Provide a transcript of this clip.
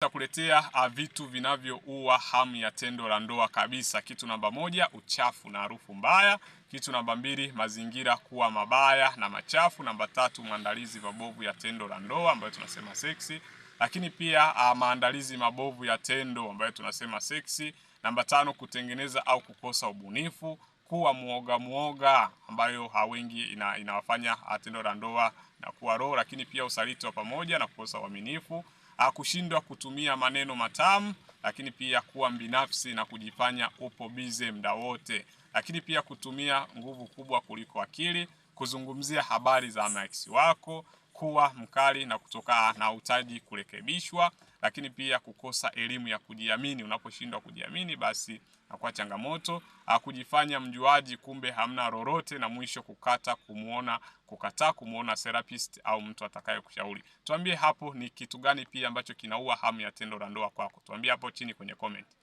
Takuletea ah, vitu vinavyoua hamu ya tendo la ndoa kabisa. Kitu namba moja, uchafu na harufu mbaya. Kitu namba mbili, mazingira kuwa mabaya na machafu. Namba tatu, maandalizi mabovu ya tendo la ndoa ambayo tunasema seksi, lakini pia ah, maandalizi mabovu ya tendo ambayo tunasema seksi. Namba tano, kutengeneza au kukosa ubunifu, kuwa muoga muoga, ambayo wengi ina, inawafanya ah, tendo la ndoa na kuwa roho, lakini pia usaliti wa pamoja na kukosa uaminifu kushindwa kutumia maneno matamu, lakini pia kuwa mbinafsi na kujifanya upo bize muda wote, lakini pia kutumia nguvu kubwa kuliko akili, kuzungumzia habari za max wako kuwa mkali na kutokana na uhitaji kurekebishwa, lakini pia kukosa elimu ya kujiamini. Unaposhindwa kujiamini, basi nakuwa changamoto. Ah, kujifanya mjuaji, kumbe hamna lolote, na mwisho kukata kumuona, kukataa kumuona therapist au mtu atakaye kushauri. Tuambie hapo ni kitu gani pia ambacho kinaua hamu ya tendo la ndoa kwako. Tuambie hapo chini kwenye comment.